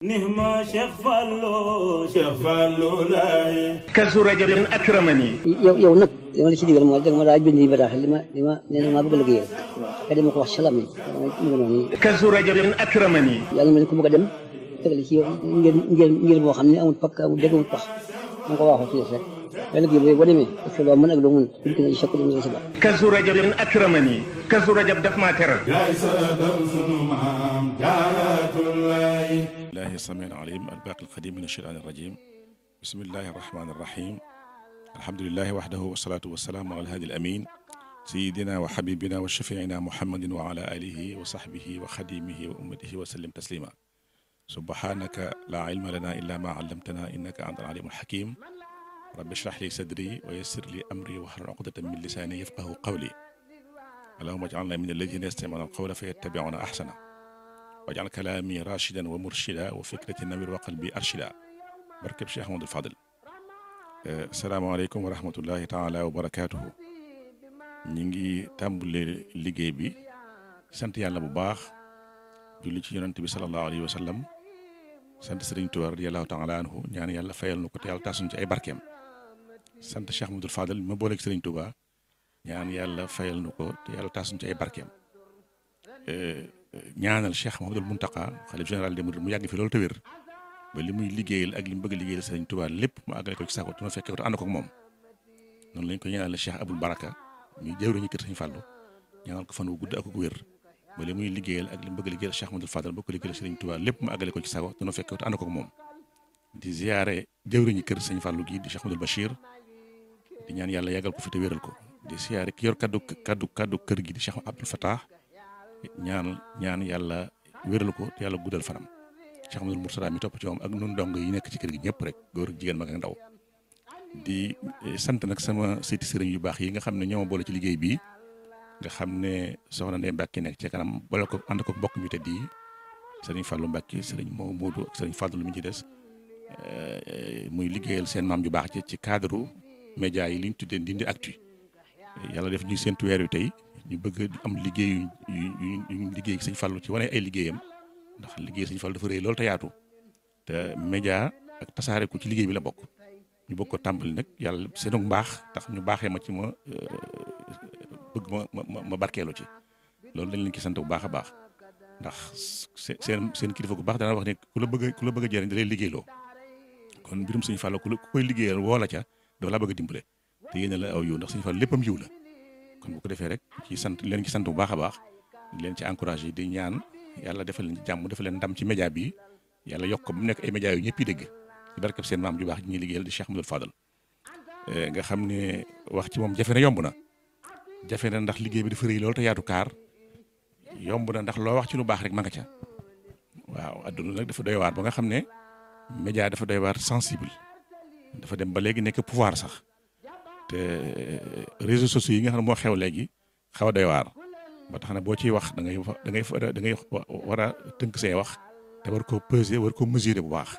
nihma Cheikh Fallou Cheikh Fallou laay. kasu rajabin akramani. yow yow nag li ma la ci digal mooy danga ma daa bind bataaxal li ma li ma nee a ko wax salaam yi. ko bëgg a dem tegal ci yow ngir ngir ngir boo xam ne amul pakk amul ma ko waxoo ci rek. yàlla liggéey boobu boo demee parce que loo mën ak loo mën duñ rajab daf السميع العليم الباقي القديم من الشيطان الرجيم بسم الله الرحمن الرحيم الحمد لله وحده والصلاة والسلام على الهادي الأمين سيدنا وحبيبنا وشفيعنا محمد وعلى آله وصحبه وخديمه وأمته وسلم تسليما سبحانك لا علم لنا إلا ما علمتنا إنك أنت العليم الحكيم رب اشرح لي صدري ويسر لي أمري واحلل عقدة من لساني يفقه قولي اللهم اجعلنا من الذين يستمعون القول فيتبعون أحسنه wajal kalaami rachidan wa murshida wa fikrati nawir wa qalbi arshida barkeb Cheikh Ahmadou Fadel salaamaaleykum wa rahmatullahi taala wa barakaatuhu ñi ngi tàmbale liggéey bi sant yàlla bu baax li ci yonent bi sallallahu alayhi wa sallam sant Sëriñ Tuubaa radiyallahu taala anhu ñaan yàlla fayal nu ko te yàlla taasuñ ci ay barkeem sant Cheikh Ahmadou Fadel ma booleeg yàlla fayal nu ko te ci ay barkeem ñaanal Cheikh Mouhamadoul Mountakha xalif général des mourides mu yàgg fi loolu te wér ba li muy liggéeyal ak li mu bëgg a liggéeyal Sëriñ Tuubaa lépp mu àggale ko ci sago te ma fekkee ko te ànd ko ak moom noonu lañ ko ñaanal Cheikh Abdoul Baraka ñu jëwriñu kër ko fan wu gudd ak ko wér ba li ak li bëgg a liggéeyal Cheikh Mouhamadoul Fadal ba ko liggéeyal Sëriñ Tuubaa lépp mu àggale ko ci sago di ziyaare jëwriñu kër sañ Fàllu gi di Cheikh Mouhamadoul Bachir di yàlla yàggal ko fi te wéral ko di ziyaare ki yor kaddu kaddu kër gi di Cheikh Abdoul Fatah ñaan ñaan yàlla wéralu ko te yàlla guddal fanam Cheikh Amadou Mourtada mi topp ci moom ak nun dong yi nekk ci kër gi ñëpp rek góor ak jigéen mag ak ndaw di eh, sant nag sama seeti sëriñ yu baax yi nga xam ne ñoo ma boole ci liggéey bi nga xam ne soxna Ndeye nekk ce kanam boole ko ànd ko bokk mi te di sëriñ Fallou Mbacke sëriñ Maw Moodu ak sëriñ lu mi ci des eh, muy liggéeyal seen maam ju baax ci ci cadre média yi li ñu tuddee Ndindy Actu yàlla def ñuy séntu weer wi tey ñu bëgg am liggéey yu ñu liggéey sëñ Fallou ci wane ay liggéeyam ndax liggéey sëñ Fallou dafa rëy loolu te yaatu te média ak tasaare ko ci liggéey bi la bokk ñu bokk ko tàmbali nag yàlla seen mbaax tax ñu baaxee ma ci ma euh, bëgg ma ma ma barkeelu ci loolu dañ leen ci sant bu baax a baax ndax seen seen kilifa bu baax dana wax ne ku la bëgg ku la bëgg a jëriñ da lay liggéeyloo kon mbirum sëñ Fallou ku koy liggéeyal woo ca dafa laa bëgg a dimbale te yéen la aw yiw ndax sëñ Fallou léppam yiw la. kon bu ko defee rek ci sant leen ci sant bu baax a baax leen ci encouragé di ñaan yàlla defal leen jàmm defal leen ndam ci média bi yàlla yokk ko mu nekk ay média ñëpp yi dégg ci barkeb seen maam ju baax ji ñuy liggéeyal di Cheikh eh, nga xam ne wax ci moom jafe yomb na jafe na ndax liggéey bi dafa rëy lool te yaatu kaar yomb na ndax loo wax ci lu baax rek ma nga ca waaw adduna nag dafa doy waar ba nga xam ne média dafa doy waar sensible dafa dem ba léegi nekk pouvoir sax te eh, réseaux sociaux yi nga xam ne moo xew léegi xaw a doy waar ba tax na boo ciy wax da ngay da ngay da ngay war a tënk say wax te war koo peser war koo mesurer bu baax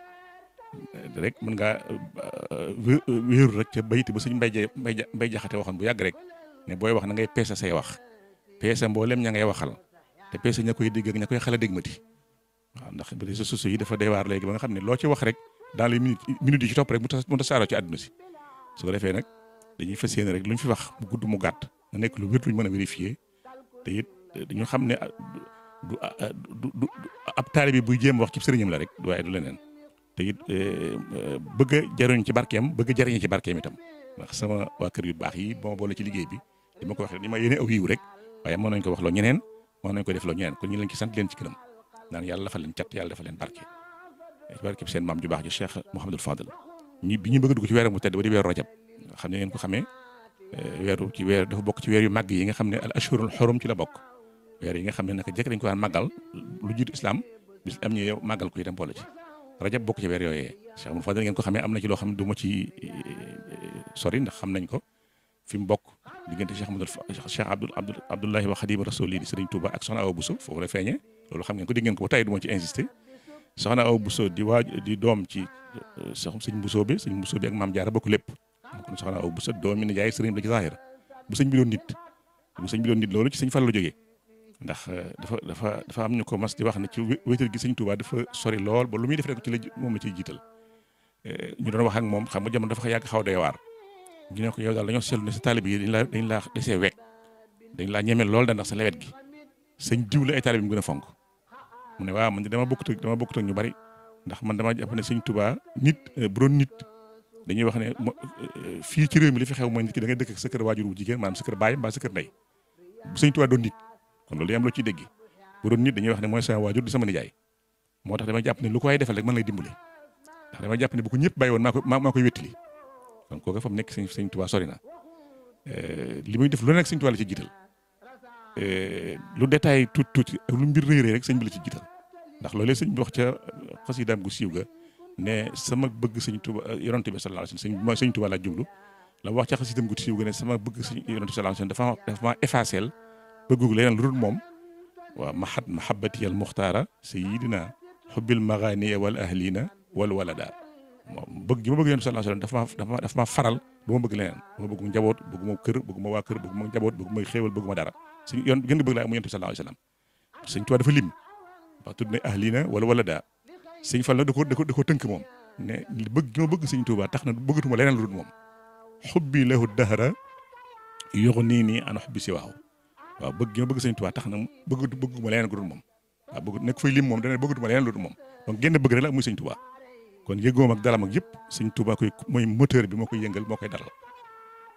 rek mën ngaa eh, wéeru rek ca bayti ba suñ mbay mbay jaxate waxoon bu yàgg rek ne booy wax na ngay peese say wax peese mboolem ña ngay waxal te peese ña koy dégg ak ña koy xala dégmati waaw ndax réseaux sociaux yi dafa doy waar ba nga xam ne loo ci wax rek dans les minutes minutes yi ci topp rek mu tasaaroo ci àdduna si su ko defee nag. dañuy fa yéene rek lu ñu fi wax mu gudd mu gàtt na nekk lu wér lu ñu mën a vérifier te it ñu xam ne du du ab taalibe bi buy jéem wax ci sëriñam la rek waaye du leneen te it eh, eh, bëgg a jariñ ci barkeem bëgg a jariñ ci barkeem itam ndax sama waa kër yu baax yi ba ma boole ci liggéey bi li ma ko wax ni ma yéene aw waaye mën nañ ko wax loo ñeneen mën nañ ko def loo ñeneen kon ñu leen ci sant leen ci këram naan yàlla dafa leen cat yàlla dafa leen barke ci barke bi seen maam ju baax ji Cheikh Mouhamadul ñu bëgg dugg ci weeram mu tedd di weer xam ne ngeen ko xamee eh, weeru ci weer dafa bokk ci weer yu màgg yi nga xam ne al ashurul xorum ci la bokk weer yi nga xam ne naka jëkk dañ ko daan màggal lu jiitu islam bis am ñu yow màggal ko itam boole ci rajab bokk ci weer yooyee Cheikh Mouhamed Fadel ngeen ko xamee am na ci loo xam ne du ci eh, sori ndax xam nañ ko fi mu bokk diggante Cheikh Mouhamed Cheikh Abdoul Abdoul Abdoulahi wa Xadim Rasuli di Serigne Touba ak Soxna Awa Bousso foofu la feeñee loolu xam ngeen ko dégg ko ba tey du ma ci insister Soxna Awa Bousso di waaj di doom ci eh, Cheikh Sëñ Bousso bi Sëñ Bousso bi ak Maam Jaara bokk lépp soxna aw bu sa doomi ne jaay sëriñ bi la ci saahir bu bu sëñ bi doon nit loolu ci sëñ Fall la jógee ndax euh, dafa dafa dafa am ñu ko mas di wax ne ci wéetal gi sëñ Touba dafa sori lool ba lu muy def rek ci la moom la ciy jiital euh, ñu doon wax ak moom xam nga jamono dafa yàgg xaw day waar ñu ne ko yow daal dañoo seetlu ne sa taalib yi dañ laa dañ laa desee wekk dañ laa ñeme lool da ndax sa lewet gi sëñ diw la ay taalib yi mu gën a fonk mu ne waaw ma dama bokkut ak dama bokkut ak ñu bari ndax man dama jàpp ne sëñ Touba nit euh, bu nit dañuy wax ne euh, fii ci réew mi li fi xew mooy nit ki da ngay dëkk ak sa kër waajur wu jigéen maanaam sa kër baay mbaa sa ndey bu sëñ Tuubaa doon nit kon loolu am loo ci dégg bu doon nit dañuy wax ne mooy sama waajur di sama nijaay moo tax dama jàpp ne lu ko waay defal rek mën lay dimbale ndax dama jàpp ne bu ko ñëpp bàyyi woon maa ko maa koy wéttali kon kooku fa mu nekk sëñ sëñ Tuubaa sori na euh, li muy def lu nekk sëñ Tuubaa la ci jiital euh, lu détail tuut tuuti lu mbir rëy rek sëñ bi la ci jiital ndax loolee sëñ bi wax ca xasidaam gu siiw ga ne sama bëgg sëñ Tuuba yonent bi sallallahu alayhi wasallam mooy sëñ Tuuba laa jublu la wax ca si gu siiw ne sama bëgg sëñ yonent bi sallallahu alayhi wasallam dafa dafa maa effacel bëggug moom waaw mahat mahabbati al muxtaara sayidina xubbil maganiya wal ahlina wal walada bëgg gi ma bëgg yonent bi sallallahu alayhi wasallam dafa ma dafa ma faral ba ma bëgg leneen ba ma bëgg njaboot bëgg ma kër bëgg ma waa kër bëgg ma njaboot bëgg ma xéewal bëgg ma dara suñ yoon gën nga bëgg laa mu yonent bi sallallahu alayhi wasallam sëñ Tuuba dafa lim wax tudd na ahlina wal daal sëñ Fall nag da ko ko da tënk moom ne bëgg ma bëgg sëñ Touba tax na bëggatuma leneen lu dul moom xubbi lahu dahra yoxu nii nii an xubbi si waaw waaw bëgg ma bëgg sëñ Touba tax na bëgg bëgguma leneen lu dul moom waaw bëgg nekk fay lim moom dana bëgg bëggatuma leneen lu dul moom donc génn bëgg rek la muy sëñ Touba kon yëgoom ak dalam ak yëpp sëñ Touba koy mooy moteur bi moo koy yëngal moo koy daral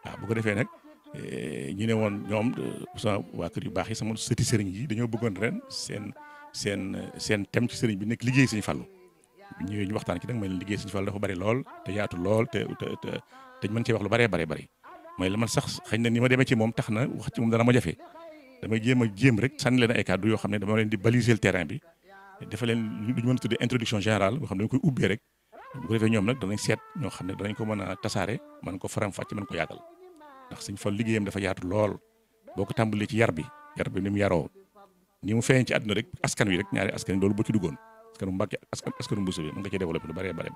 waaw bu ko defee nag eh, ñu ne woon ñoom eh, sa waa kër yu baax yi sama sëti sëriñ yi dañoo bëggoon ren seen seen seen thème ci sëriñ bi nekk liggéey sëñ Fallu ñëwee ñu waxtaan ki nag mooy leen liggéey Sëñ Fall dafa bari lool te yaatu lool te te te mën cee wax lu bëree bari bari mooy la man sax xëy na ni ma demee ci moom tax na wax ci moom dana ma jafe damay jéem a jéem rek sànni leen ay kàddu yoo xam ne dama leen di baliser le terrain bi dafa leen lu ñu mën a tuddee boo xam ne koy ubbee rek bu ko defee ñoom nag danañ seet ñoo xam ne danañ ko mën a tasaare man ko faram-fàcc mën ko yaatal ndax Sëñ Fall liggéeyam dafa yaatu lool boo ko tàmbalee ci yar bi yar bi ni mu yaroo ni mu feeñ ci àdduna rek askan wi rek ñaari askan yi boo ci duggoon askanu Mbàkke askanu Mbuso bi mën nga ci développé lu bëree bëri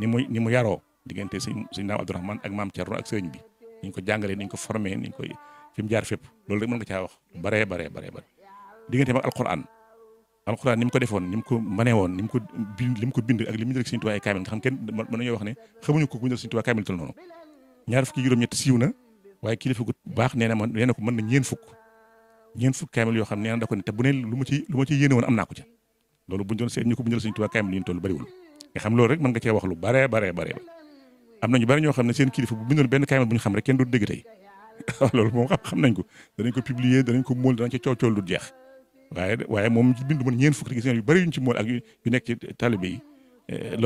ni mu ni mu yaroo diggante sëñ sëñ Daam Abdourahmane ak maam Thierno ak sëriñ bi ni ko jàngalee ni ko formé ni ñu koy fi jaar fépp loolu rek mën nga caa wax bëree bëree bëri diggante mag alquran alquran ni ko defoon ni ko mënee woon ni ko bind li ko bind ak li mu jël sëñ Tuubaa kaamil nga xam kenn mën nañoo wax ne xamuñu ko ku jël sëñ Tuubaa kaamil tul noonu ñaar fukki juróom-ñett siiw na waaye ci loolu buñ doon seet ñu ko bindal Sëriñ Tuubaa kaamil li ñu toll bariwul nga xam loolu rek mën nga cee wax lu bare bare bare am nañu bari ñoo xam ne seen kilifa bu bindoon benn kaamil bu ñu xam rek kenn du xam nañ ko danañ ko publier danañ ko móol danañ ci coow coow lu jeex waaye moom ci bind mën ñeen fukk gis yu bari yuñ ci móol ak yu nekk ci talibé eh,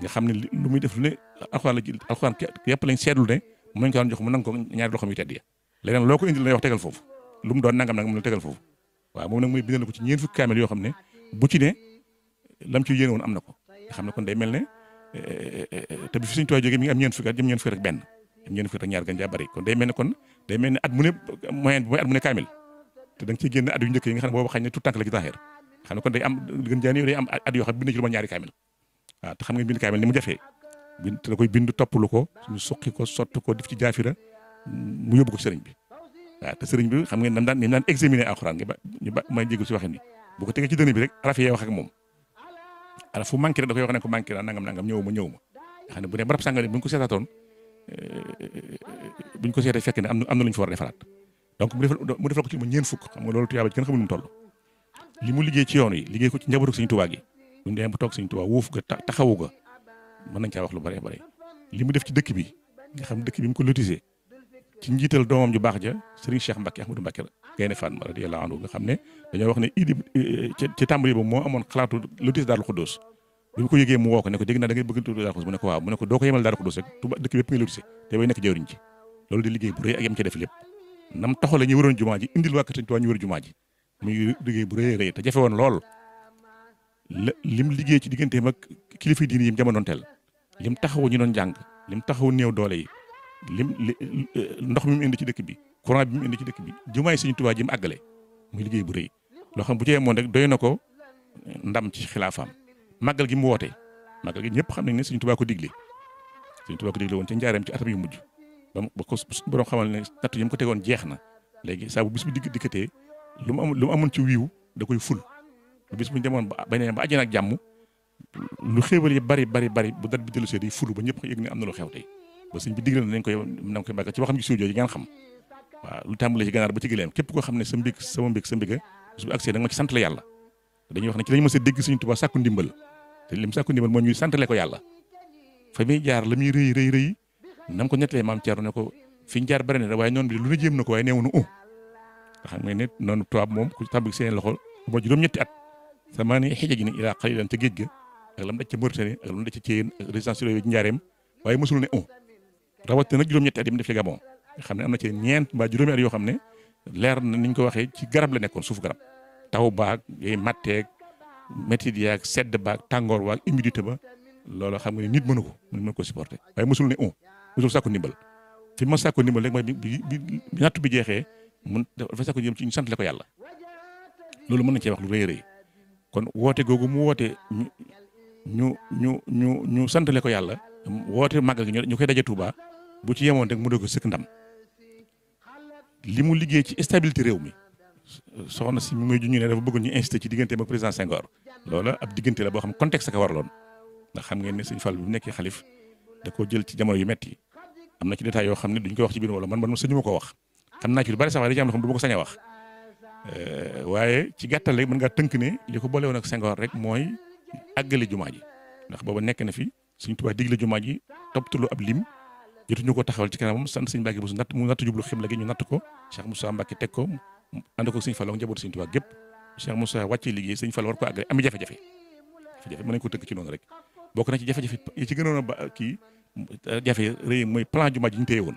mu xam ne lu muy def lu ne alxuraan la alxuraan yëpp lañ seetlu ne mën nañ jox mu nang ko ñaari loxam leneen loo ko foofu lu mu doon nangam nangam la tegal foofu waaw moom nag muy bindal ko ci ñeent fukki kaamil yoo xam ne bu ci ne lam ci yéene woon am na ko xam ne kon day mel ne eh, eh, eh, te bi fi suñu tooy jógee mi ngi am ñeent fukki at jëm ñeent fukki benn jëm ñeent fukki ak ñaar gën day mel ne kon day mel ne at mu ne moyenne bi mooy at ne kaamil te ciy génn at yu njëkk yi nga xam ne boobu xañ ne tout tànk la ci taxeer xam ne kon day am gën jaa néew day am at yoo xam bind ci lu ma ñaari kaamil waaw te xam nga bind kaamil ni mu jafee te da koy bind topp ko suñu suqi ko sot ko def ci jaafira mu yóbbu ko sëriñ bi waaw ah, te sëriñ bi xam ngeen dañ daan ni daan examiner alxuraan nga ba ñu ba may jégalu si waxin bi bu ko tegee ci dënn bi rek araf yee wax moom araf fu manqué da koy wax ne ko manqué na nangam nangam ñëw ma ñëw ma nga xam ne bu dee barab sàngane bu ñu ko seetaatoon eh, bu ñu ko seetee fekk ne am na am na lu ñu fa war a defaraat donc mu defal mu defal ko ci mu ñeen fukk xam nga loolu tuyaaba ji kenn xamul mu li mu liggéey ci yoon yi liggéey ko ci njabootu Sëriñ Tuubaa gi bu ñu demee ba taxawu ga mën nañ caa wax lu bare bare li mu def ci dëkk bi nga xam dëkk bi mu ko lotisé ci njiital doomam ju baax ja Serigne Cheikh Mbacke Ahmadou Mbacke la Gaynde Fatma radiyallahu anhu nga xam ne dañoo wax ne idi ci tàmbali boobu moo amoon xalaatu lotis Daaru Xuddoos bi mu ko yëgee mu woo ko ne dégg naa da ngay bëgg tudd Daaru Xuddoos mu ne ko waaw mu ne ko doo ko yemal Daaru Xuddoos rek Tuuba dëkk bépp nga lotise te bay nekk jawriñ ci loolu di liggéey bu rëy ak yam ca def lépp nam taxale ñu waroon jumaa ji indil waa Kër Sëñ ñu liggéey ci digganteem ak kilifa diini yi mu jamonoon teel lim taxawu ñu doon jàng lim taxawu néew doole yi lim ndox mi mu indi ci dëkk bi courant bi mu indi ci dëkk bi jumaay Sëriñ Tuubaa ji mu àggale muy liggéey bu rëy loo xam bu ci yemoon rek doy na ko ndam ci xilaafaam màggal gi mu woote màggal gi ñëpp xam nañ ne Sëriñ Tuubaa ko digle Sëriñ Tuubaa ko digle woon ca njaareem ci atam yu mujj ba ba ko borom xamal ne natt yi mu ko tegoon jeex na léegi saa bu bis bi digg dikkatee lu mu amul lu mu amoon ci wiiw da koy ful bis bu ñu ba bañ ba àjjana ak jàmm lu xéewal yi bari bari bari bu dat bi ñëpp am na lu xew tey ba sëñ bi digal nañ koy nañ koy màggal ci waxam gi suuf jooju ngeen xam waaw lu tàmbalee ci ganaar ba ci gëléem képp koo xam ne sa mbég sama mbég sa mbég su bu accès da nga ma ci sant la yàlla dañuy wax ne ci lañu mës a dégg suñu Tuubaa sàkku ndimbal te lim sàkku ndimbal moo ñuy santale ko yàlla fa muy jaar la muy rëy rëy rëy nam ko ñettalee maam Thierno ne ko fi ñu jaar bari na waaye noonu bi lu ne jéem na ko waaye neewu oh. na u xam nga ne noonu tubaab moom ku tàmbali seen loxo moo juróom-ñetti at sama ni xija ji ni ilaa xalilan ca géej ga ak lam daj ca Mauritanie ak lam daj ca Thièyène ak résidence yooyu ci njaareem waaye mësul ne u oh. rawatina nag juróom-ñetti at yi mu def ci Gabon nga xam ne am na ci ñeent mbaa juróomi at yoo xam ne leer na ni ñu ko waxee ci garab la nekkoon suuf garab taw baag yooyu matteeg métit yaag sedd baag tàngoor waag humidité ba loolu xam nga ni nit mënu ko mu mënu ko supporter waaye mosul ne on mosul sàkku ndimbal fi ma sàkku ndimbal rek mooy bi bi nattu bi jeexee mun dafa sàkku jëm ci ñu sant la ko yàlla loolu mën nañ cee wax lu rëy rëy kon woote googu mu woote ñu ñu ñu ñu sant ko yàlla woote màggal gi ñu koy daje Touba bu ci yemoon rek mu dee ko sëkk ndam li mu liggéey ci stabilité réew mi soxna si mu may junj ne dafa bëgg ñu incité ci diggante ak président Senghor. loola ab diggante la boo xam contexte ka warloon ndax xam ngeen ne sëñ Fall bi mu nekkee xalif da koo jël ci jamono yu metti am na ci détail yoo xam ne duñ ko wax ci biir wala man man sëñu ma ko wax. xam naa ci lu bari sax waaye dañu am loo xam ne euh, ci gàttal rek mën ngaa tënk ne li ko boole woon ak Senghor rek mooy àggale jumaa ji ndax booba nekk na fi suñ tubaab digle jumaa ji toppatuloo ab lim jotuñu ko taxawal ci kanamam sant sëñ Mbàkke Buso natt mu natt jublu xibla gi ñu natt ko Cheikh Moussa Mbàkke teg ko ànd ko sëñ Fallu njabootu gépp Cheikh Moussa ci noonu ba kii jafe mooy plan jumaa ji ñu woon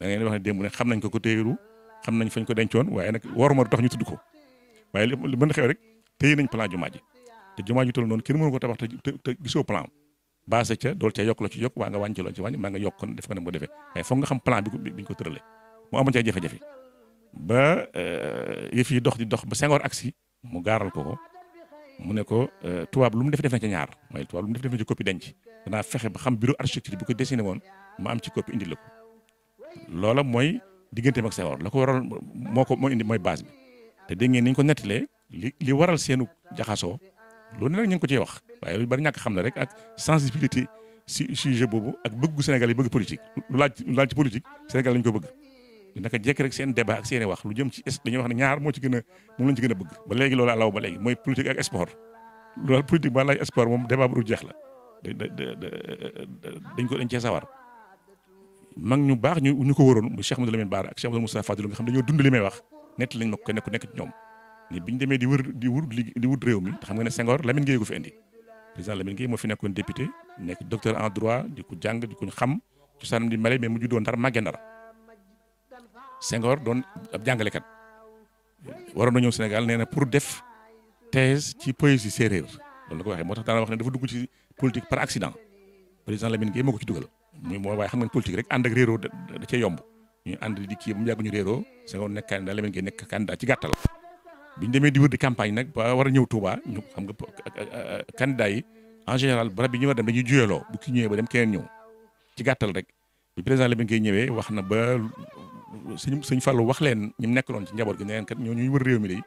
da ngeen wax ne démb ne xam nañ ko ko téyeru nañ fañ ko dencoon waaye nag waruma du tax ñu tudd ko waaye li mën a xew rek téye nañ plan jumaa ji te jumaa ji toll noonu kenn mënu ko tabax te gisoo plan basé ca dool ca yokk loo ci yokk waa nga wàññi ci loo ci wàññi maa nga yokk def ko ne mu defee mais foog nga xam plan bi biñ ko tëralee mu amoon ca jafe-jafe euh, yi dox di dox ba Senghor agsi mu gaaral ko ko mu ne ko euh, tubaab lu mu def def ca ñaar mooy tubaab lu mu def def na ci copie denc danaa fexe ba xam bureau architecture bi ko dessiné woon ma am ci copie indi la ko loola mooy digganteem ak Senghor la ko waral moo ko moo indi mooy baas bi te dégg ngeen ni ñu ko nettalee li li waral seenu jaxasoo loolu nag ñu ngi ko ciy wax waaye bari ñàkk xam ne rek ak sensibilité si sujet boobu ak bëggu Sénégal yi bëgg politique lu laaj lu laaj ci politique Sénégal lañ ko bëgg naka jekk rek seen wax lu jëm ci dañuy wax ne ñaar moo ci gën a moom a bëgg ba léegi loolu alaw ba léegi mooy politique ak sport moom débat bu jeex la dañ ko dañ cee mag ñu baax ñu ñu ko waroon mu Cheikh Amadou Lamine Bara ak Cheikh Amadou Moussa Fadilou nga xam dañoo dund li may wax nekk nekk ci ñoom ni bi ñu demee di wër di wut di wut réew mi xam nga ne Senghor Lamine Gueye ko fi indi président Lamine Gueye moo fi nekkoon député nekk docteur en droit di ko jàng di ko xam ci sanam di male mais mu juddoo ndar màggee ndar sengoor doon ab jàngalekat waroon na ñëw Sénégal nee na pour def thèse ci poésie séeréer loolu la ko waxee moo tax daanaka wax ne dafa dugg ci politique par accident président Lamine Gueye moo ko ci dugal muy mooy waaye xam nga politique rek ànd ak réeroo da da ñu ànd di kii ñu réeroo Senghor nekk candidat nekk candidat ci gàttal. bi demee di wër di campagne nag ba war a ñëw Touba ñu xam nga candidat yi en général barab bi ñu war dem dañuy juyeloo bu ki ñëwee ba dem keneen ñëw ci gàttal rek bi président la bi ngay ñëwee wax na ba suñ suñ Fallou wax leen ñi nekk loon ci njaboot gi ne leen kat ñoo ñuy wër réew mi de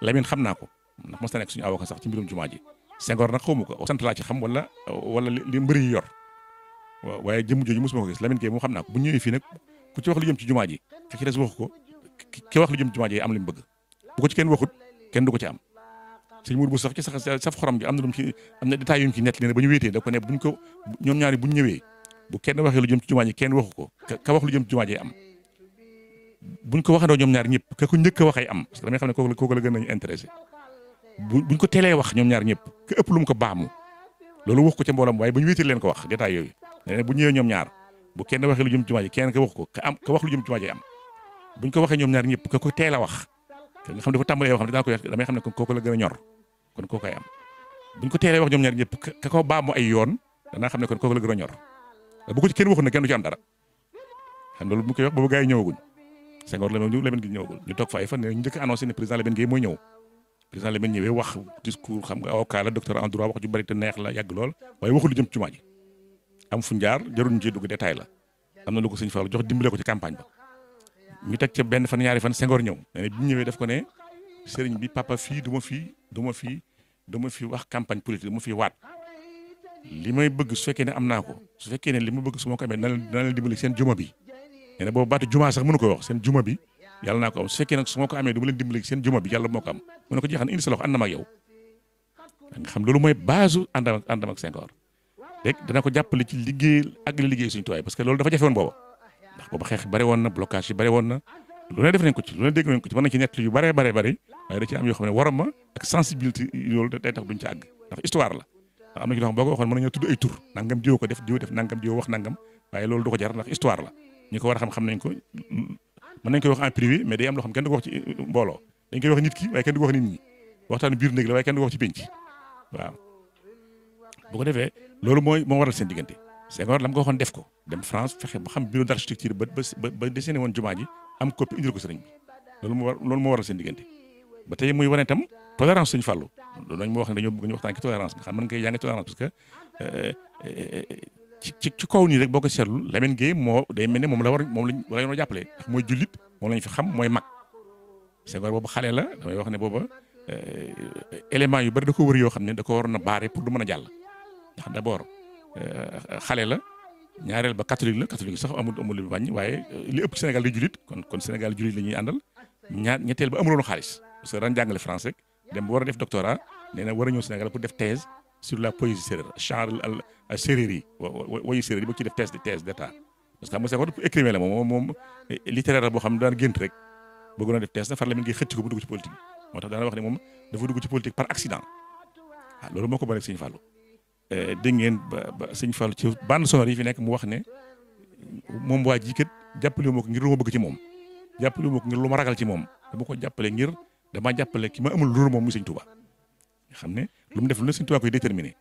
Lamine xam naa ko ndax mos na nekk suñu avocat sax ci mbirum jumaa ji Senghor nag xawma ko sant laa ci xam wala wala li mbër yi yor waaw waaye jëmm jooju mosuma ko gis Lamine Gueye moo xam naa ko bu ñëwee fii nag ku ci wax lu jëm jumaa ji ki ci des ko wax jëm ci jumaa ji am li mu bëgg bu ko ci kenn waxut kenn du ko ci am sëñ Mourou bu sax ci sax saf xorom bi am na lu mu ci am na détails yu mu ci nett leen ba ñu wéetee da ko ne bu kenn waxee jëm ci jumaa ji kenn waxu ko ka wax lu jëm ci jumaa ji am buñ ko waxandoo ñoom ñaar ñëpp ka ko njëkk a waxee am parce que damay xam ne kooku kooku ko teelee wax ñoom ñaar ñëpp ëpp lu mu ko baamu loolu wax ko ca mboolam waaye bu wax détails yooyu nee na ñaar kenn waxee lu jëm ci kenn wax ko ka am ka wax lu jëm ci jumaa ji am ñaar ñëpp ko teel a wax nga xam dafa tàmbalee yoo xam ne daa wax a ñor kon kooku ko teelee wax ñoom ñaar ñëpp ka ko ay yoon danaa xam ne kon kooku la gën a ñor bu ko ci kenn waxul ne kenn du ci am dara xam loolu bu ñu koy wax boobu gars yi ñëwaguñ Senghor la ñu Lamine Gueye ñëwagul ñu toog fa ay fan ñu njëkk annoncé ne président Lamine Gueye mooy ñëw président Lamine ñëwee wax discours xam nga avocat la docteur en droit wax ju bari te neex la yàgg lool waaye waxul lu jëm ci jumaa ji am fu njaar jarul ñu ciy dugg détail la am na lu ko sëñ Fall jox dimbale ko ci campagne ba ñu teg ca benn fan ñaari fan Senghor ñëw nee na bi ñëwee daf ko ne sëriñ bi papa fii du ma fii du ma fii du ma wax campagne politique du ma fi waat li may bëgg su fekkee ne am naa ko su fekkee ne li ma bëgg suma ma ko amee dana leen dimbali seen juma bi nee na boobu baatu juma ko wax seen juma bi yàlla naa ko am su fekkee nag su ma ko amee du ma leen dimbali seen juma bi yàlla moo ko am mu ne ko jeexal indi sa ànd na ma ak yow nga xam loolu mooy base su àndam ak àndam ak Senghor rek dana ko jàppale ci liggéey ak li liggéey suñu tuwaay parce que loolu dafa jafewoon booba ndax boobu xeex bari woon na blocage yi bari woon na lu ne def nañ ko ci lu ne dégg nañ ko ci ci nett la ndax am na ci loo ko waxoon mën nañoo tudd ay tur nangam jiw loolu ko jar ndax histoire la a xam xam nañ ko mën nañ koy wax en privé mais day am loo xam kenn du ci euh, mbooloo dañ koy wax nit ki waaye kenn du ko wax nit ñi ko wax ci pénc waaw bu ko defee loolu mooy moo waral seen diggante Senghor lam ko waxoon def ko dem France fexe ba xam bureau d'architecture ba ba ba dessiné woon jumaa ji am copie indil ko sëriñ bi loolu moo war loolu moo waral seen diggante ba tey muy wane itam tolérance suñu fàllu loolu lañ ma wax ne dañoo bëgg ñu waxtaan ci tolérance nga xam mën nga koy jàng tolérance parce que euh, euh, euh, ci ci kaw nii rek boo ko seetlu Lamine Gueye moo day mel ne moom la war moom lañ war a yoon a jàppale ndax mooy jullit moom lañ fi xam mooy mag Senghor boobu xale la damay wax ne booba élément yu bari da ko wër yoo xam ne da ko waroon a baare pour du mën a jàll ndax d'abord Euh, xale la ñaareel ba catholique la catholique sax amul amul lu waaye euh, li ëpp Sénégal di julit kon kon Sénégal julit la ñuy àndal ñaar ñetteel ba amuloon xaalis parce que ran jàngale français dem ba war a def doctorat nee na war a ñëw Sénégal pour def thèse sur la poésie sérère genre a séréer yi wayu séréer yi ba ci def thèse thèse d'état parce que xam nga Senghor écrivain la moom moom eh, rek bëggoon a def thèse na far la mi ngi xëcc ko bu dugg ci politique moo tax Eh, dégg ngeen ba ba sëñ ci bande sonore yi fi nekk mu wax ne moom waa ji kat jàppale ma ko ngir lu ma bëgg ci moom jàppale ma ko ngir lu ma ragal ci moom dama ko jàppale ngir damaa jàppale ki ma amul loolu moom muy sëñ Touba. nga xam ne lu mu def lu ne sëñ Touba koy déterminé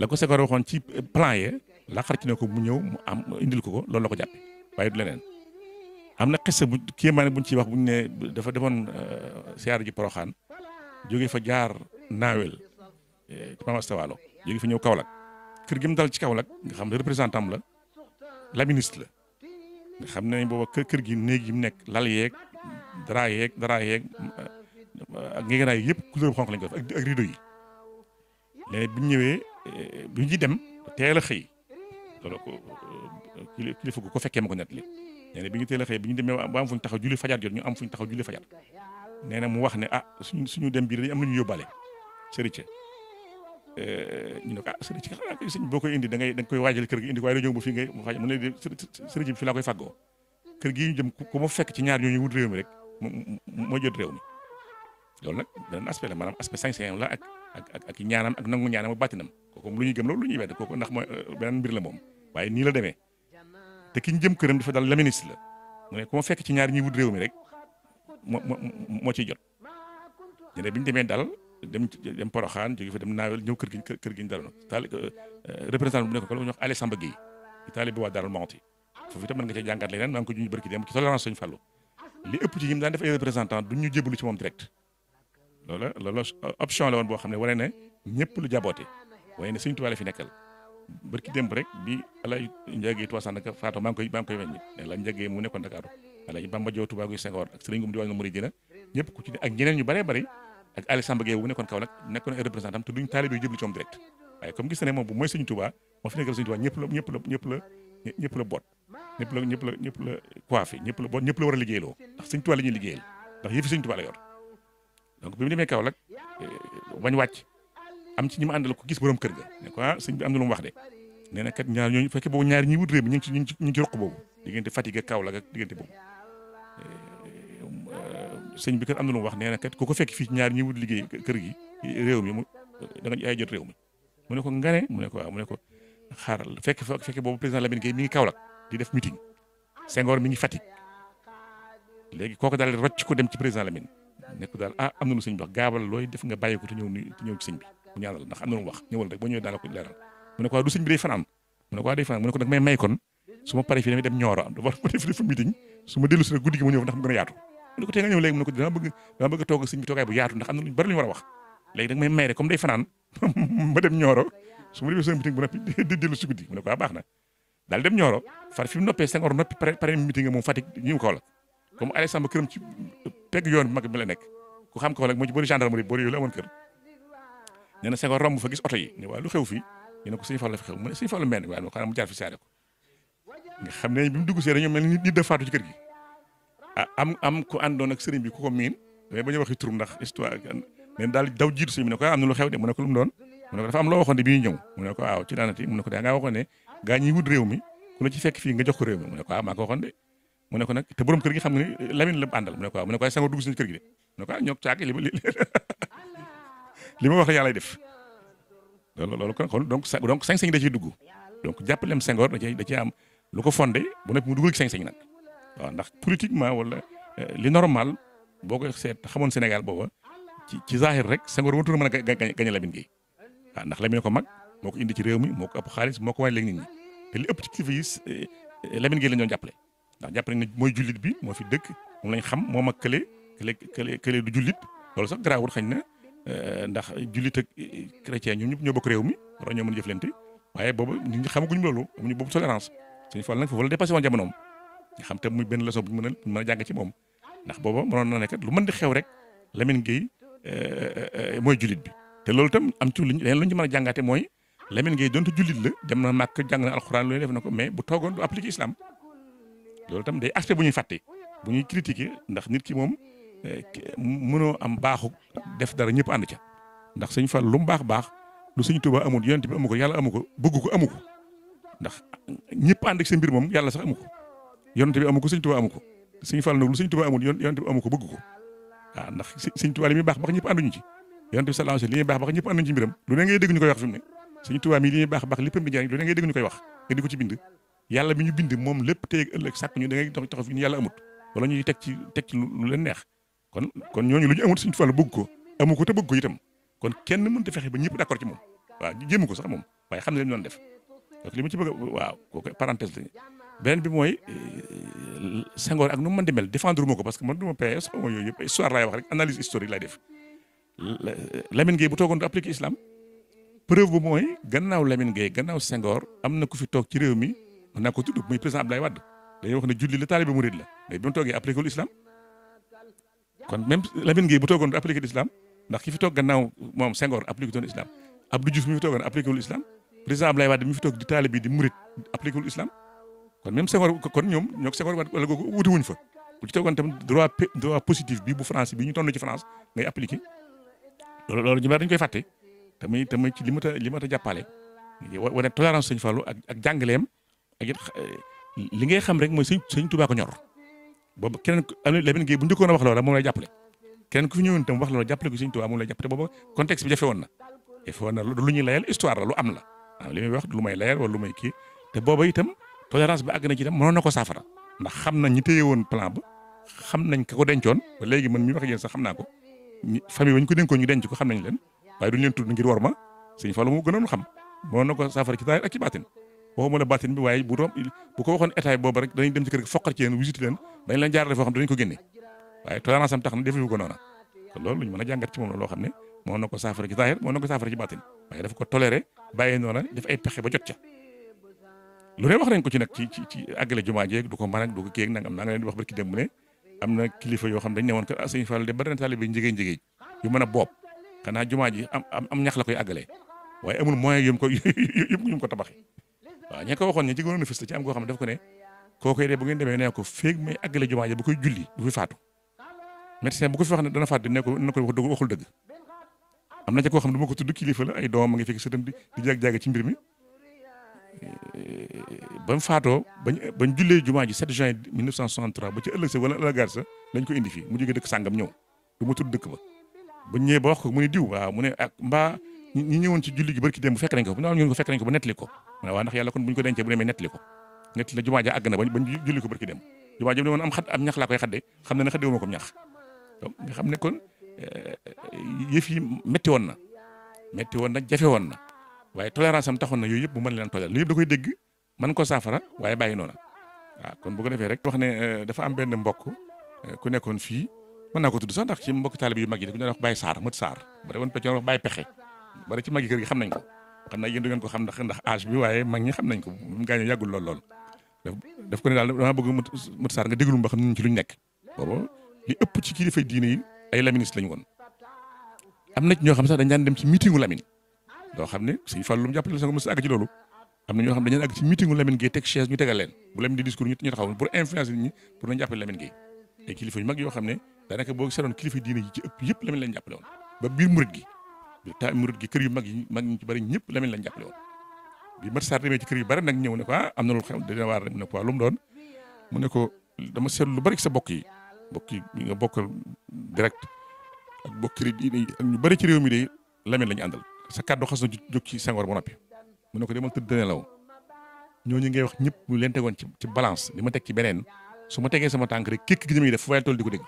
la ko Senghor waxoon ci eh, plan yee la xar ci ne ko mu ñëw mu am indil ko ko loolu la ko jàppee waaye du leneen. am na xese bu kéemaane buñ ciy wax buñ ne dafa demoon eh, siyaar ji Poroxaan jóge fa jaar naawel ci jóge fi ñëw Kaolack kër gi mu dal ci Kaolack nga xam ne représentant am la laministe la nga xam ne booba kër gi néeg yi mu nekk lal yeeg dara yeeg dara yeeg ak ngeenaay yëpp couleur xonq lañ ko ak rideau yi mais ñu ñëwee eh, bu ñu dem teel a xëy ko fekkee ma ko nettali nee na bi ñu teel a bi ñu demee ba am fu ñu taxaw julli fajar jot ñu am fu ñu taxaw julli fajar nee mu wax ne ah suñu suñu dem bii dañu am lu ñu yóbbaale. sëriñ Euh, ñu ne ah, boo koy indi da ngay da koy waajal kër gi indi ko waaye dañoo ñëw ba fi laa koy fàggoo kër ñu jëm ku ma fekk ci ñaar ñooñu wut réew mi rek moo jot réew mi loolu nag beneen aspect la maanaam aspect sañ-sañam la ak ak ak ak ñaanam ak nangu ñaanam ak bàttinam kooku lu ñuy gëm loolu lu ñuy wedd kooku ndax mooy euh, beneen mbir moom waaye nii la demee te ki ñu jëm këram dafa daal la ministre la mu ne ku fekk ci ñaar ñuy wut réew mi rek moo moo moo ciy jot ñu ne bi ñu demee dal dem dem Poroxaan jóge fa dem naawel ñëw kër gi kër gi ñu dara taali euh, représentant bu nekk ko la ñu wax Allé Samba Guèye taali bi waa Darou Mouhty foofu itam mën nga cee jàngat leneen maa ngi ko ñu li ëpp ci ñim daan def représentant duñ ñu jébalu ci moom direct loola loola option la woon boo xam ne wane ne ñëpp lu jaboote waaye ne Sëñ Tuubaa la fi nekkal barki démb rek bi alay njagee trois cent naka faatoo maa koy maa koy weññi ne la njagee mu nekkoon Dakar alay Bamba Jow Tuubaa guy Senghor ak ñeneen ñu bare bari ak Alexandre Gueye bu nekkoon Kaolack nekkoon ay représentant te duñ taalibe yu jublu ci moom direct waaye comme gis na ne moom bu mooy Sëriñ Tuubaa moo fi nekkal Sëriñ Tuubaa ñëpp la ñëpp la ñëpp la a liggéeyloo bi mu ci ruq boobu diggante Fatick ak Kaolack ak diggante sëñ bi kat am na wax nee na kat ku fekk fii ñaar ñi wut liggéey kër gi réew mi mu da nga yaay jot réew mi mu ne ko ngane mu ne ko waaw mu ne ko xaaral boobu président Lamine Gueye mi ngi Kaolack di def meeting Senghor mi ngi Fatick léegi kooku daal ci président Lamine ah, na lu sëñ gaabal looy def nga bàyyi ko te ñëw ni bi mu ñaanal ndax am na lu mu wax ñëwal rek ba ñëwee daal ko leeral mu ne ko waaw du sëñ bi day fanaan mu ne ko waaw day fanaan mu ne ko nag may may kon su ma fii damay dem ñooro am dafa def meeting su ma dellu si nag guddi gi ma ñëw ndax mu gën a yaatu lu ko tee a ñëw léegi mu ne ko dama bëgg dama bëgg toog sëñ bi toogaay bu yaatu ndax am na luñ bari lu ñu war a wax léegi da nga may may rek comme day fanaan ma dem ñooro ah, far fi noppee cinq noppi pare meeting moom Fatick ñëw Kaolack comme la nekk ku xam kër nee na cinq romb fa gis oto yi ne waa lu xew fii ñu ne ko sëñ Fall la fi xew mu ne sëñ Fall mel waaye xanaa mu jaar fi saare ko nga xam ne bi mu dugg see dañoo mel ni nit dafa faatu ci kër gi am am ku àndoon ak sëriñ bi ku ko miin mais ba ñu waxi tur ndax histoire neen daal daw jiitu sëriñ bi ne ko ah, am na lu xew de mu ne ko lu mu doon mu ne ko dafa am loo waxoon de mu ne ko ah, fii nga ah, de ko nag te borom kër gi xam nga ni eh, Lamine la àndal mu ne ko waaw mu ne ko ay sango dugg suñu kër gi de mu ne ko ah ñoo caag li ma li ma wax la yàlla def loolu loolu kon kon donc donc sañ-sañ da ciy dugg donc jàppalem Senghor da ciy am lu ko fondé bu nekk mu dugal ci sañ-sañ nag waaw ndax politiquement walla euh, li normal boo ko seet xamoon Sénégal booba ci ci zahir rek Senghor watul mën a gañ Lamine Gueye waaw ndax Lamine ko mag moo ko indi ci réew mi moo ko ëpp xaalis moo ko wàññi léegi nit ñi te li ëpp ci kilifa yi euh, Lamine Gueye la ñu jàppale ndax jàpp nañ ne mooy jullit bi moo fi dëkk moom lañ xam moom ak kële kële kële kële du jullit loolu sax xañ na euh, ndax jullit ak ñoom ñëpp ñoo bokk réew mi war ñoo mën jëflante waaye boobu xama ñi xamaguñ loolu amuñu boobu tolérance Sëñ Fall nag foofu la dépassé woon jamonoom xam te muy benn leçon bu mën a mën a jàng ci moom ndax booba mënoon na nekk lu man di xew rek Lamine Gueye euh, euh, euh, mooy jullit bi te loolu tam am ci luñ lu ñu mën a jàngaate mooy Lamine Gueye donte jullit la dem na màkk jàng na alxuraan loolu def na ko mais bu toogoon du appliqué islam loolu tam day aspect bu ñuy fàtte bu ñuy critiquer ndax nit ki moom mënoo am baaxu def dara ñëpp ànd ca ndax suñ fal lu mu baax baax suñ Tuubaa amul yonent bi amu ko yàlla amu ko bëgg ko amu ndax ñëpp ànd ak sa moom yàlla sax amu ko yonent bi amu ko sëñ Tuubaa amu ko sëñ Fall nag lu ko bëgg ko waaw ah, ndax sëñ Tuubaa li muy baax bax ñëpp ànduñu ci yonent bi sallallahu alayhi wasallam li muy baax bax ñëpp ànduñu ñu koy wax fi mu ne sëñ Tuubaa ko ci kon ko amu ko te bëgg ko kenn mën ta fexe ba ñëpp d'accord ci moom waaw jéem ko sax moom waaye xam ne leen doon def donc li ma ci bëgg waaw kooku parenthèse beneen bi mooy euh, Senghor ak nu mu mën di mel défendre ko parce que man du ma PS xaw ma yooyu yëpp histoire laay wax rek analyse historique laay def euh, Lamine Gueye bu toogoon du appliquer islam mooy gannaaw Lamine Gueye gannaaw Senghor am na ku fi toog ci réew mi mën naa ko tudd muy président Abdoulaye Wade dañuy ne julli la taalibe murid la mais bi mu toogee appliquer islam kon même Lamine Gueye bu toogoon du appliquer islam ndax ki fi toog gannaaw moom Senghor appliquer doon islam Abdou Diouf mi fi toogoon appliquer islam président Abdoulaye Wade mi fi toog di taalibe di murid appliquer islam. kon même Senghor kon ñoom ñoo Senghor wala googu wuti wuñ fa bu ci tegoon tamit droit droit positif bi bu France bi ñu toll ci France ngay appliqué loolu loolu ñu dañ koy fàtte tamit tamit ci li ma ta li ma ta jàppale wane tolérance ak ak jàngaleem ak eh, li ngay xam rek mooy sëñ sëñ Tuubaa ko ñor boobu keneen am bu njëkkoon a wax loola moom lay jàppale keneen ku fi ñëwoon wax loola jàppale ko sëñ Tuubaa moom lay jàppale boobu contexte bi jafe woon na jafe woon na lu ñuy layal histoire la lu am la waaw li may wax lu may layal wala lu may kii te booba itam tolérance bi àgg na ci dem mënoon na ko saafara ndax xam na ñi woon plan ba xam nañ ko dencoon ba léegi man mi wax ak yéen sax xam naa ko famille ba ñu ko dénkoon ñu denc ko xam nañ leen waaye duñ leen tudd ngir war ma moo gënoon xam mënoon na ko saafara ci taay ak ci baatin waxuma la baatin bi waaye bu doon bu ko waxoon état boobu rek danañ ko génne waaye tolérance noona moom loo xam ne mënoon na ko saafara ci taay mënoon na ko saafara ci baatin waaye daf ko toléré bàyyi noona def ay pexe ba jot ca lu ne wax nañ ko ci nag ci ci ci àggale jumaa jeeg du ko mën ak du ko kéeg nag am naa nga leen di wax barki dem ne am na kilifa yoo xam dañ ne woon kat sëñ Fall de bari na taalibe njigéen njigéen yu a am am ñax la koy àggalee waaye amul moyen yu mu ko yu mu ko tabaxee waaw ña ko waxoon ñi ci gënoon a am goo xam ne daf ko ne de bu ngeen demee nee ko féeg may àggale jumaa ji bu koy julli du fi faatu médecin bu ko fi wax ne dana faatu ne ko ne ko wax dëgg waxul dëgg am na ca koo xam ne du ma ko tudd kilifa la ay doomam a ngi fekk sëtam di di jag-jage ci mbir mi Euh, ba mu faatoo bañ bañ jullee jumaa ji 7 juin 1963 ba ci ëllëg sa wala ëllëgaar sa lañ ko indi fii mu jógee dëkk sàngam ñëw du ma tudd dëkk ba ba ñëwee ba wax ko mu ne diw waaw mu ne ak mbaa ñi ñëwoon ci julli gi barki démb bu bu ñu ko fekk nañ ko ba nettali ko mu ne waaw ndax yàlla kon bu ñu ko dencee bu demee nettali ko nettali la jumaa ja àgg na bañ julli ko barki démb jumaa ja woon xam ne ne kon euh, yëf yi metti woon na metti woon na jafe woon na waaye tolérance am taxoon na yooyu yëpp mu mën leen tojal lu yëpp da koy dégg mën ko saafara waaye bàyyi noona kon bu ko defee rek wax ne euh, dafa am benn mbokk euh, ku nekkoon fii mën naa ko tudd sax ndax ci mbokk taalib yu mag yi dañu wax Baye Sarr mët Sarr bari woon pecc wax Baye Pexe bari mag yi xam nañ ko xam naa yéen ndax ndax âge bi waaye mag ñi xam nañ ko mu gaañoo yàggul lool lool daf ko ne daal dama bëgg mët Sarr nga déglu ba xam ñun ci nekk boobu li ëpp ci kilifay diine yi ay laministe lañ woon am na ci ñoo xam sax dañ daan dem ci meetingu lamine doo xam ne sëñ Fallou mu jàppale sa ko mos àgg ci loolu am na ñoo xam dañu àgg ci meetingu Lamine Gueye teg chaise ñu tegal leen bu Lamine di discours ñu ñu taxaw pour influencer ñi pour nañ jàppale Lamine Gueye ay kilifa yu mag yoo xam ne daanaka boo seetoon kilifa diine yi ci ëpp yëpp Lamine lañ jàppale woon kër yu mag yi mag ñi bari ñëpp Lamine lañ jàppale woon bi mat saar demee ci kër yu bari nag ñëw ne ko ah am na lu xew dina waar mu ne ko lu doon mu ne ko dama seetlu lu bari sa bokk yi bokk yi nga bokkal direct ak bokk yi ak ñu bari ci réew mi de Lamine lañu àndal sa kàddu xas na jóg ci Senghor ba noppi mu ne ko demal tëdd nelaw ñooñu ngay wax ñëpp ñu leen tegoon ci ci balance li ma teg ci beneen su ma tegee sama tànk rek kékk gi muy def fu waay di ko dégg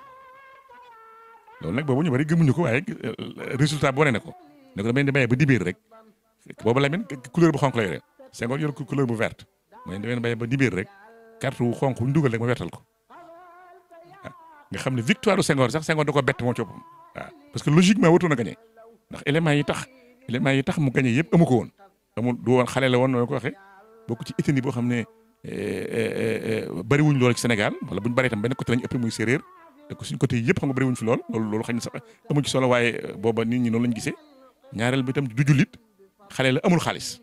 loolu nag boobu ñu bari gëmuñu ko waaye euh, résultat boo nee ne ko ne ko damay demee ba dibéer rek boobu la mel couleur bu la yore Senghor yor couleur bu verte mooy damay bay ba dibéer rek carte wu xonk bu ñu dugal rek ma wertal ko ah, nga xam ne victoire du Senghor sax Senghor da ko bett moo coppam ah, waaw parce que logiquement warutoon a gagné ndax éléments yi tax. éléments yi tax mu gagné yëpp amu ko woon amul du woon xale la woon noo ko waxee bokk ci ethnie boo xam ne eh, eh, eh, bari wuñ lool ci Sénégal wala buñ bari tam benn côté lañ ëpp muy séeréer te suñ côté yëpp xam nga bari wuñ fi lool loolu loolu xañ sax amu solo waaye booba nit ñi noonu lañ gisee ñaareel bi tam du jullit xale la amul xaalis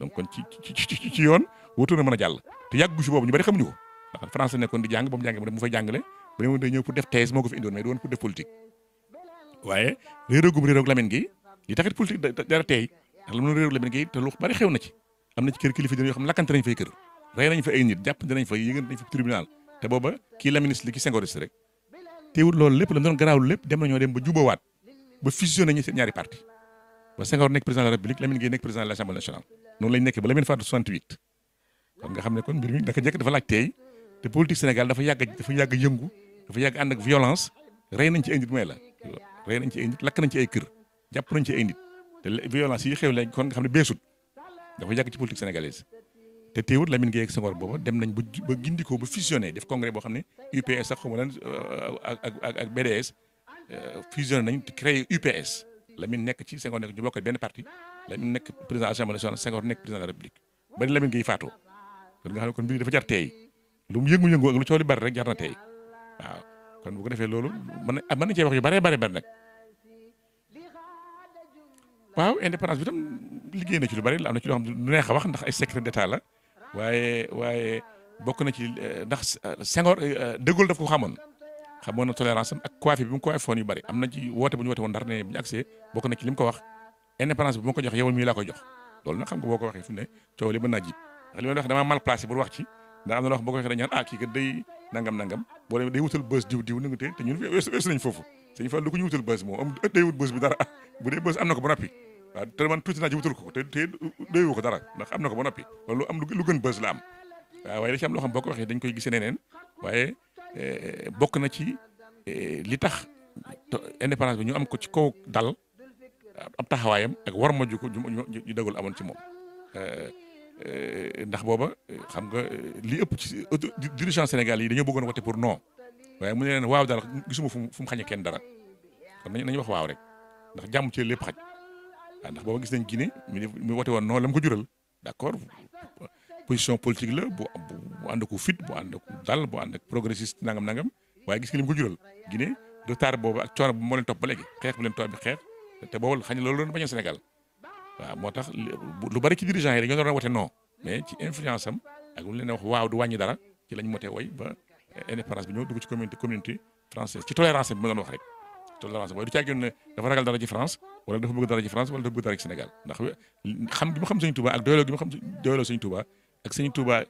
donc kon ci ci ci yoon wóotoon na mën a jàll te yàggu si boobu ñu bari xamuñu ko ndax français nekkoon di jàng ba mu jàngee mu dem mu fay jàngale ba mu day ñëw pour def thèse moo ko waaye réeróo gu réeróo Lamine gi li taxit politique dara teey ndax lu mu réew la benn te lu bari xew na ci am na ci kër kilifa dina yoo xam lakkante nañ fay kër rey nañ fa ay nit jàpp nañ fa yëngal nañ fa tribunal te booba kii la li ki sengoriste rek teewul loolu lépp la doon garaawul lépp dem nañoo dem ba jubawaat ba ñu seen ñaari parti ba Senghor nekk président de la république Lamine Gueye nekk président de l'Assemblée nationale noonu lañ nekkee ba Lamine Fatou 68 kon nga xam ne kon mbir mi daka dafa laaj teey yàgg dafa yàgg yëngu dafa yàgg ànd ak violence rey nañ ci ay nit mooy la rey nañ ci ay lakk nañ ci ay kër jàpp nañ ci indi nit te violence yi xew léegi kon nga xam ne beesut dafa yàgg ci politique sénégalaise te teewut Lamine Gueye ak booba dem nañ ba ba gindikoo ba fusionné def congrès boo xam ne UPS sax xawma lan euh, ak ak ak BDS euh, nekk ci Senghor nekk ñu bokk benn parti Lamine nekk président assemblée nationale Senghor nekk président de la république ba ni Lamine Gueye faatoo kon nga kon mbir dafa jar teey lu mu yëngu-yëngu ak lu coow rek jar na teey waaw kon bu ko defee loolu na cee wax yu baree bare bari nag waaw indépendance bi tam liggéey na ci lu bari am na ci loo xam ne neex a wax ndax ay secret d'état la waaye waaye bokk na ci eh, ndax eh, Senghor eh, De Gaulle daf ko xamoon xamoon na tolérance am ak coiffé bi mu coiffé woon yu bari am na ci woote bu ñu woote woon ndar ne bu ñu accès bokk na ci li ko wax indépendance bi bu ma ko jox yow mii laa ko jox loolu na xam nga boo ko waxee fi mu ne coow li mën naa ji ndax li ma wax damaa mal placé pour wax ci ndax am na loo xam boo ko waxee dañu naan ah kii kat day nangam nangam boo demee day wutal bës diw foofu sëñ Fall lu ko ñu wutal bës moom am day wut bi dara bu dee am na ko ba noppi waaw te man tuuti naa ci ko dara ndax am na ko ba noppi loolu am lu gën bës la am waaye da ci am loo xam boo ko waxee dañ koy gisee neneen waaye eh, bokk na ci eh, li tax indépendance bi ñu am ko ci kaw dal ab taxawaayam ak war ma ju ko ñu dagul amoon ci moom eh, ndax booba xam nga li ëpp ci dirigeant Sénégal yi dañoo bëggoon wote pour non waaye mu ne leen waaw daal gisuma fu mu fu mu xañe kenn dara kon nañu wax waaw rek ndax jàmm ci lépp xaj waaw ndax booba gis nañ Guinée mu wote woon noonu la mu ko jural d'accord position politique la bu bu ànd ku fit bu ànd ko dal bu ànd ak progressiste nangam nangam waaye gis nga li mu ko jural Guinée retard boobu ak coono bu moo leen topp ba léegi xeex bu leen topp bi xeex te boobu xañ loolu doon bañoon Sénégal waaw moo tax lu bari ci dirigeant yi dañoo doon wote mais ci influence am ak lu waaw du wàññi dara ci lañ mote woy ba indépendance bi ñëw dugg ci communauté communauté française ci tolérance bi ma doon wax rek tolérance mooy du caa gën ne dafa ragal dara ci France wala dafa bëgg dara ci France wala dafa bëgg dara ci Sénégal ndax xam gi ak doyloo gi mu xam doyloo sëñ Touba ak sëñ Touba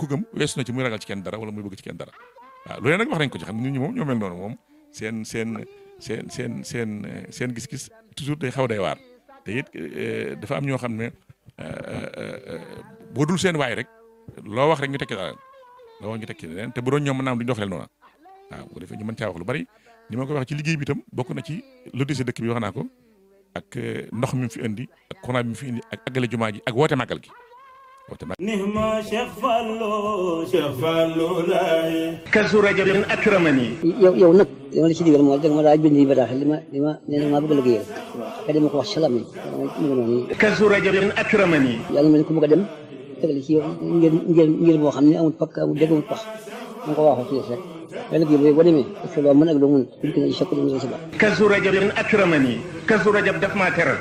ko gëm weesu na ci muy ragal kenn dara wala muy bëgg ci kenn dara waaw loolu nag wax nañ ko ci xam nit seen seen seen seen seen gis-gis toujours day xaw day waar te it eh, dafa am ñoo xam ne eh, eh, boo seen waay rek loo wax rek ñu tekki dara nga wax ñu teg te bu doon ñoom mën naa am duñu doxalee noonu waaw bu defee ñu mën lu bari ni ma ko wax ci liggéey bi itam bokk na ci lotissé dëkk bi wax naa ko ak euh, ndox mi mu fi indi ak courant bi mu fi indi ak ji ak woote màggal gi woote màggal ni ma Cheikh Fallou Cheikh Fallou laay kasu rajab akramani yow yow ne li ma la ci digal mooy dag ma daa ma li ma nee a liggéeyal ka dama ko wax salam ni kasu rajab akramani ko bëgg a dem tegale ci yow ngeen ngeen ngeen boo xam ne amul pakk amul dégg amul pax da ko waxoo ci def rek yàlla gi boo demee est-ce que loo mën ak loo mën duñ ko ne chakku dañ si ba kasu rajab min akramani kasu rajab daf maa teral